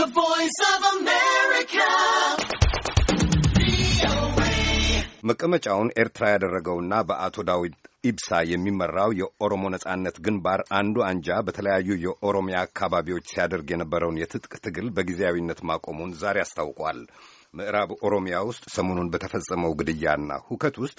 The Voice of America. መቀመጫውን ኤርትራ ያደረገውና በአቶ ዳዊት ኢብሳ የሚመራው የኦሮሞ ነጻነት ግንባር አንዱ አንጃ በተለያዩ የኦሮሚያ አካባቢዎች ሲያደርግ የነበረውን የትጥቅ ትግል በጊዜያዊነት ማቆሙን ዛሬ አስታውቋል። ምዕራብ ኦሮሚያ ውስጥ ሰሞኑን በተፈጸመው ግድያና ሁከት ውስጥ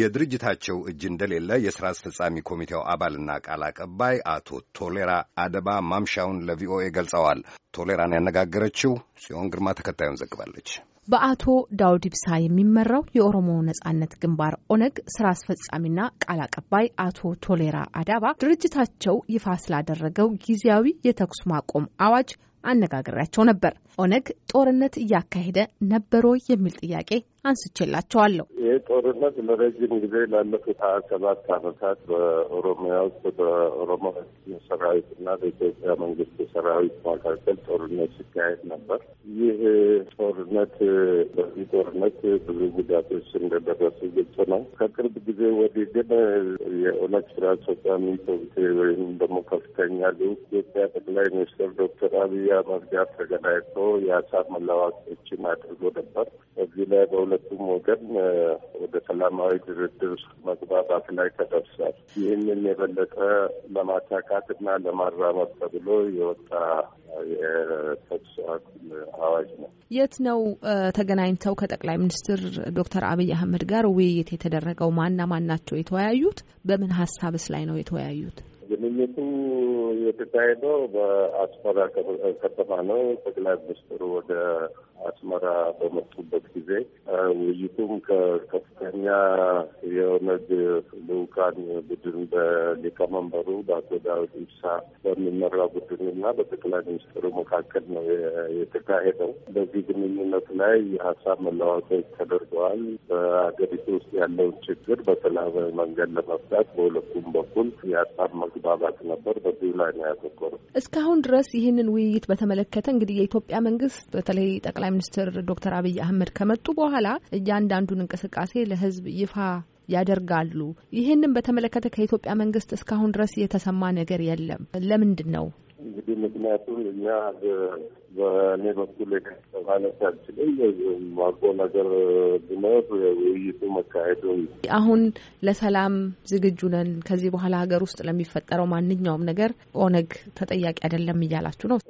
የድርጅታቸው እጅ እንደሌለ የሥራ አስፈጻሚ ኮሚቴው አባልና ቃል አቀባይ አቶ ቶሌራ አደባ ማምሻውን ለቪኦኤ ገልጸዋል። ቶሌራን ያነጋገረችው ጽዮን ግርማ ተከታዩን ዘግባለች። በአቶ ዳውድ ኢብሳ የሚመራው የኦሮሞ ነጻነት ግንባር ኦነግ ስራ አስፈጻሚና ቃል አቀባይ አቶ ቶሌራ አዳባ ድርጅታቸው ይፋ ስላደረገው ጊዜያዊ የተኩስ ማቆም አዋጅ አነጋግሬያቸው ነበር። ኦነግ ጦርነት እያካሄደ ነበሮ የሚል ጥያቄ አንስቼላቸዋለሁ። ጦርነት ለረጅም ጊዜ ላለፉት ሀያ ሰባት ዓመታት በኦሮሚያ ውስጥ በኦሮሞ ሰራዊት እና በኢትዮጵያ መንግስት ሰራዊት መካከል ጦርነት ሲካሄድ ነበር። ይህ ጦርነት በዚህ ጦርነት ብዙ ጉዳቶች እንደደረሱ ግልጽ ነው። ከቅርብ ጊዜ ወዲህ ግን የኦነግ ስራ አስፈጻሚ ኮሚቴ ወይም ደግሞ ከፍተኛ ሊቅ ኢትዮጵያ ጠቅላይ ሚኒስትር ዶክተር አብይ አህመድ ጋር ተገናኝቶ የሀሳብ መለዋወጦችን አድርጎ ነበር። በዚህ ላይ በሁለቱም ወገን ወደ ሰላማዊ ድርድር መግባባት ላይ ተደርሷል። ይህንን የበለጠ ለማታካት እና ለማራመድ ተብሎ የወጣ የተኩስ አዋጅ ነው። የት ነው ተገናኝተው ከጠቅላይ ሚኒስትር ዶክተር አብይ አህመድ ጋር ውይይት የተደረገው? ማና ማን ናቸው የተወያዩት? በምን ሀሳብስ ላይ ነው የተወያዩት? ግንኙቱ የተካሄደው በአስመራ ከተማ ነው። ጠቅላይ ሚኒስትሩ ወደ አስመራ በመጡበት ጊዜ ውይይቱም ከከፍተኛ የኦነግ ልዑካን ቡድን በሊቀመንበሩ በአቶ ዳዊት ኢብሳ በሚመራ ቡድን እና በጠቅላይ ሚኒስትሩ መካከል ነው የተካሄደው። በዚህ ግንኙነት ላይ የሀሳብ መለዋወጦች ተደርገዋል። በሀገሪቱ ውስጥ ያለውን ችግር በሰላማዊ መንገድ ለመፍታት በሁለቱም በኩል የሀሳብ መግባባት ነበር። በዚህ ላይ ነው ያተኮረው። እስካሁን ድረስ ይህንን ውይይት በተመለከተ እንግዲህ የኢትዮጵያ መንግስት በተለይ ጠቅላይ ጠቅላይ ሚኒስትር ዶክተር አብይ አህመድ ከመጡ በኋላ እያንዳንዱን እንቅስቃሴ ለህዝብ ይፋ ያደርጋሉ። ይህንን በተመለከተ ከኢትዮጵያ መንግስት እስካሁን ድረስ የተሰማ ነገር የለም። ለምንድን ነው? እንግዲህ ምክንያቱም እኛ በእኔ በኩል ማለት አልችልም። ማቆ ነገር ቢኖር ውይይቱ መካሄዱ አሁን ለሰላም ዝግጁ ነን፣ ከዚህ በኋላ ሀገር ውስጥ ለሚፈጠረው ማንኛውም ነገር ኦነግ ተጠያቂ አይደለም እያላችሁ ነው።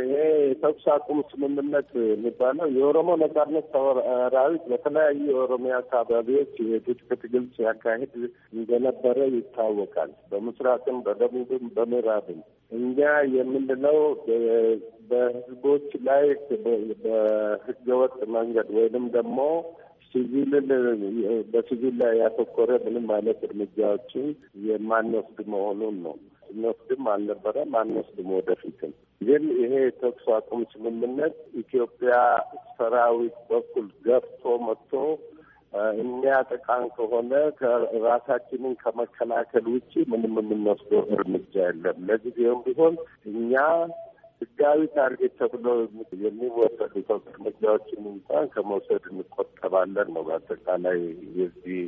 ይሄ የተኩስ አቁም ስምምነት የሚባለው የኦሮሞ ነጻነት ሰራዊት በተለያዩ የኦሮሚያ አካባቢዎች የትጥቅ ትግል ሲያካሂድ እንደነበረ ይታወቃል። በምስራቅም፣ በደቡብም በምዕራብም እኛ የምንለው በህዝቦች ላይ በህገወጥ መንገድ ወይንም ደግሞ ሲቪልን በሲቪል ላይ ያተኮረ ምንም አይነት እርምጃዎችን የማንወስድ መሆኑን ነው። እንወስድም አልነበረም አንወስድም ወደፊትም። ግን ይሄ የተኩስ አቁም ስምምነት ኢትዮጵያ ሰራዊት በኩል ገብቶ መጥቶ የሚያጠቃን ከሆነ ራሳችንን ከመከላከል ውጭ ምንም የምንወስደው እርምጃ የለም። ለጊዜውም ቢሆን እኛ ህጋዊ ታርጌት ተብሎ የሚወሰዱ እርምጃዎችን እንኳን ከመውሰድ እንቆጠባለን ነው በአጠቃላይ የዚህ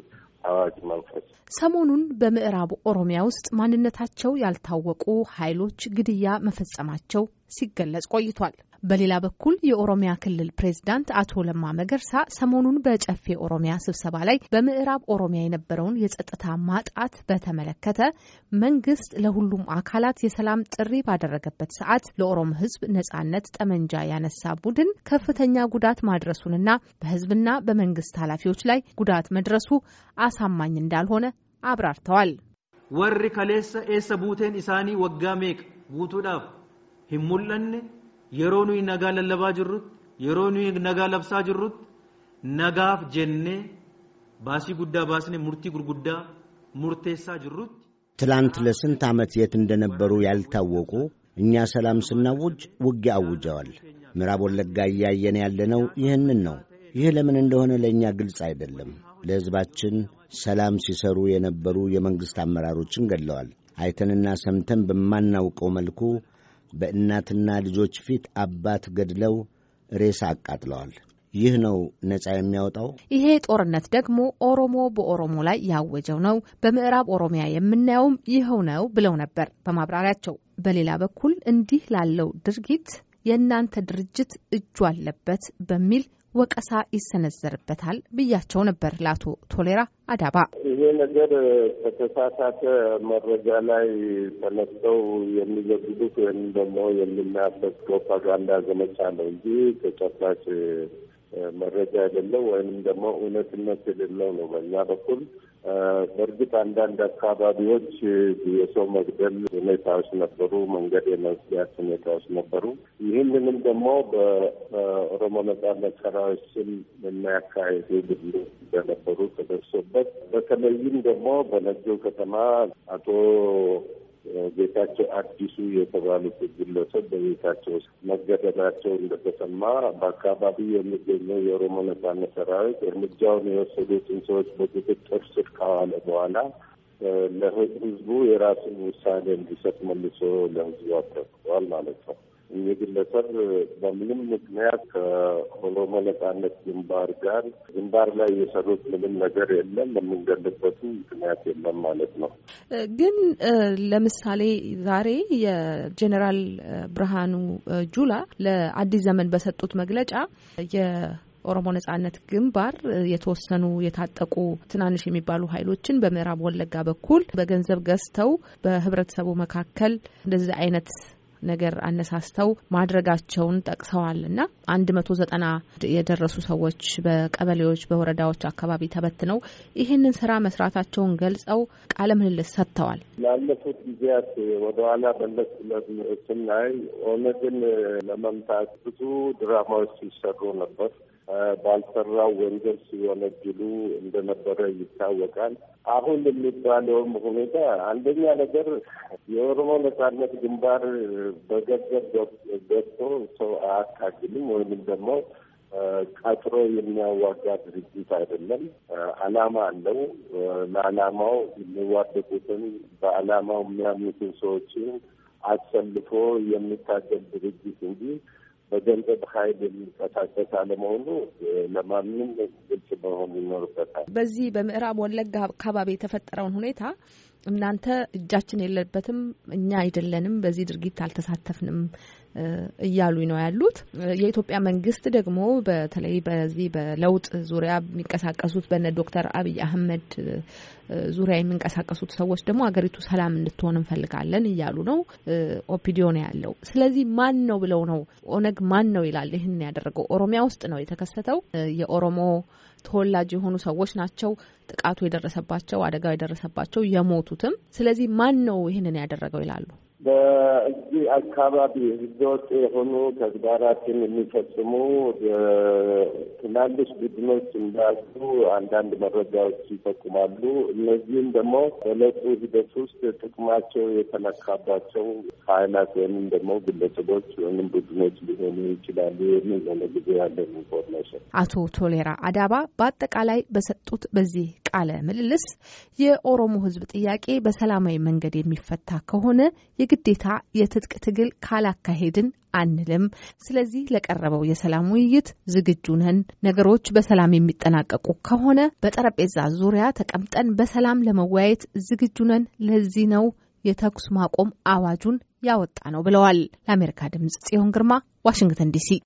አዋጅ መንፈስ ሰሞኑን በምዕራብ ኦሮሚያ ውስጥ ማንነታቸው ያልታወቁ ኃይሎች ግድያ መፈጸማቸው ሲገለጽ ቆይቷል። በሌላ በኩል የኦሮሚያ ክልል ፕሬዝዳንት አቶ ለማ መገርሳ ሰሞኑን በጨፌ ኦሮሚያ ስብሰባ ላይ በምዕራብ ኦሮሚያ የነበረውን የጸጥታ ማጣት በተመለከተ መንግስት ለሁሉም አካላት የሰላም ጥሪ ባደረገበት ሰዓት ለኦሮሞ ህዝብ ነጻነት ጠመንጃ ያነሳ ቡድን ከፍተኛ ጉዳት ማድረሱንና በህዝብና በመንግስት ኃላፊዎች ላይ ጉዳት መድረሱ አሳማኝ እንዳልሆነ አብራርተዋል። ወሪ ከሌሰ ኤሰ ቡቴን ኢሳኒ ወጋ ሜቅ ቡቱዳፍ hin yeroo nuyi nagaa lallabaa jirrutti yeroo nuyi nagaa labsaa jirrutti nagaaf jennee baasii guddaa baasnee murtii gurguddaa murteessaa jirrutti. ትላንት ለስንት ዓመት የት እንደነበሩ ያልታወቁ እኛ ሰላም ስናውጅ ውጊያ አውጀዋል። ምዕራብ ወለጋ እያየን ያለነው ይህንን ነው። ይህ ለምን እንደሆነ ለእኛ ግልጽ አይደለም። ለሕዝባችን ሰላም ሲሰሩ የነበሩ የመንግሥት አመራሮችን ገድለዋል። አይተንና ሰምተን በማናውቀው መልኩ በእናትና ልጆች ፊት አባት ገድለው ሬሳ አቃጥለዋል። ይህ ነው ነጻ የሚያወጣው። ይሄ ጦርነት ደግሞ ኦሮሞ በኦሮሞ ላይ ያወጀው ነው። በምዕራብ ኦሮሚያ የምናየውም ይኸው ነው ብለው ነበር በማብራሪያቸው። በሌላ በኩል እንዲህ ላለው ድርጊት የእናንተ ድርጅት እጁ አለበት በሚል ወቀሳ ይሰነዘርበታል ብያቸው ነበር ለአቶ ቶሌራ አዳባ። ይሄ ነገር በተሳሳተ መረጃ ላይ ተነስተው የሚዘግቡት ወይም ደግሞ የሚናፈስ ፕሮፓጋንዳ ዘመቻ ነው እንጂ ተጨባጭ መረጃ የሌለው ወይንም ደግሞ እውነትነት የሌለው ነው በእኛ በኩል። በእርግጥ አንዳንድ አካባቢዎች የሰው መግደል ሁኔታዎች ነበሩ፣ መንገድ የመዝጋት ሁኔታዎች ነበሩ። ይህንንም ደግሞ በኦሮሞ ነጻነት ሰራዊት ስም የሚያካሄዱ ድል እንደነበሩ ተደርሶበት በተለይም ደግሞ በነጆ ከተማ አቶ ጌታቸው አዲሱ የተባሉት ግለሰብ በቤታቸው ውስጥ መገደላቸው እንደተሰማ በአካባቢው የሚገኘው የኦሮሞ ነጻነት ሰራዊት እርምጃውን የወሰዱትን ሰዎች በቁጥጥር ስር ካዋለ በኋላ ለህዝቡ የራሱን ውሳኔ እንዲሰጥ መልሶ ለህዝቡ አስረክቧል ማለት ነው። ይህ ግለሰብ በምንም ምክንያት ከኦሮሞ ነጻነት ግንባር ጋር ግንባር ላይ የሰሩት ምንም ነገር የለም። የምንገልበቱ ምክንያት የለም ማለት ነው። ግን ለምሳሌ ዛሬ የጄኔራል ብርሃኑ ጁላ ለአዲስ ዘመን በሰጡት መግለጫ ኦሮሞ ነጻነት ግንባር የተወሰኑ የታጠቁ ትናንሽ የሚባሉ ኃይሎችን በምዕራብ ወለጋ በኩል በገንዘብ ገዝተው በህብረተሰቡ መካከል እንደዚህ አይነት ነገር አነሳስተው ማድረጋቸውን ጠቅሰዋል እና አንድ መቶ ዘጠና የደረሱ ሰዎች በቀበሌዎች በወረዳዎች አካባቢ ተበትነው ይህንን ስራ መስራታቸውን ገልጸው ቃለ ምልልስ ሰጥተዋል። ላለፉት ጊዜያት ወደኋላ መለስ ብለን ስናይ ኦነግን ለመምታት ብዙ ድራማዎች ሲሰሩ ነበር። ባልሰራው ወንጀል ሲወነጅሉ እንደነበረ ይታወቃል። አሁን የሚባለውም ሁኔታ አንደኛ ነገር የኦሮሞ ነጻነት ግንባር በገንዘብ ገብቶ ሰው አያታግልም ወይም ደግሞ ቀጥሮ የሚያዋጋ ድርጅት አይደለም። ዓላማ አለው። ለዓላማው የሚዋደቁትን በዓላማው የሚያምኑትን ሰዎችን አሰልፎ የሚታገል ድርጅት እንጂ በገንዘብ ኃይል የሚንቀሳቀስ አለመሆኑ ለማንም ግልጽ መሆን ይኖርበታል። በዚህ በምዕራብ ወለጋ አካባቢ የተፈጠረውን ሁኔታ እናንተ እጃችን የለበትም፣ እኛ አይደለንም፣ በዚህ ድርጊት አልተሳተፍንም እያሉ ነው ያሉት። የኢትዮጵያ መንግስት ደግሞ በተለይ በዚህ በለውጥ ዙሪያ የሚንቀሳቀሱት በነ ዶክተር አብይ አህመድ ዙሪያ የሚንቀሳቀሱት ሰዎች ደግሞ ሀገሪቱ ሰላም እንድትሆን እንፈልጋለን እያሉ ነው። ኦፒዲዮ ነው ያለው። ስለዚህ ማን ነው ብለው ነው ኦነግ ማን ነው ይላል። ይህን ያደረገው ኦሮሚያ ውስጥ ነው የተከሰተው የኦሮሞ ተወላጅ የሆኑ ሰዎች ናቸው ጥቃቱ የደረሰባቸው አደጋው የደረሰባቸው የሞቱትም። ስለዚህ ማን ነው ይህንን ያደረገው ይላሉ። በዚህ አካባቢ ህገወጥ የሆኑ ተግባራትን የሚፈጽሙ ትናንሽ ቡድኖች እንዳሉ አንዳንድ መረጃዎች ይጠቁማሉ። እነዚህም ደግሞ በለጡ ሂደት ውስጥ ጥቅማቸው የተነካባቸው ኃይላት ወይም ደግሞ ግለሰቦች ወይም ቡድኖች ሊሆኑ ይችላሉ የሚል ሆነ ጊዜ ያለ ኢንፎርሜሽን። አቶ ቶሌራ አዳባ በአጠቃላይ በሰጡት በዚህ ቃለ ምልልስ የኦሮሞ ህዝብ ጥያቄ በሰላማዊ መንገድ የሚፈታ ከሆነ የግዴታ የትጥቅ ትግል ካላካሄድን አንልም። ስለዚህ ለቀረበው የሰላም ውይይት ዝግጁ ነን። ነገሮች በሰላም የሚጠናቀቁ ከሆነ በጠረጴዛ ዙሪያ ተቀምጠን በሰላም ለመወያየት ዝግጁ ነን። ለዚህ ነው የተኩስ ማቆም አዋጁን ያወጣ ነው ብለዋል። ለአሜሪካ ድምጽ ጽዮን ግርማ ዋሽንግተን ዲሲ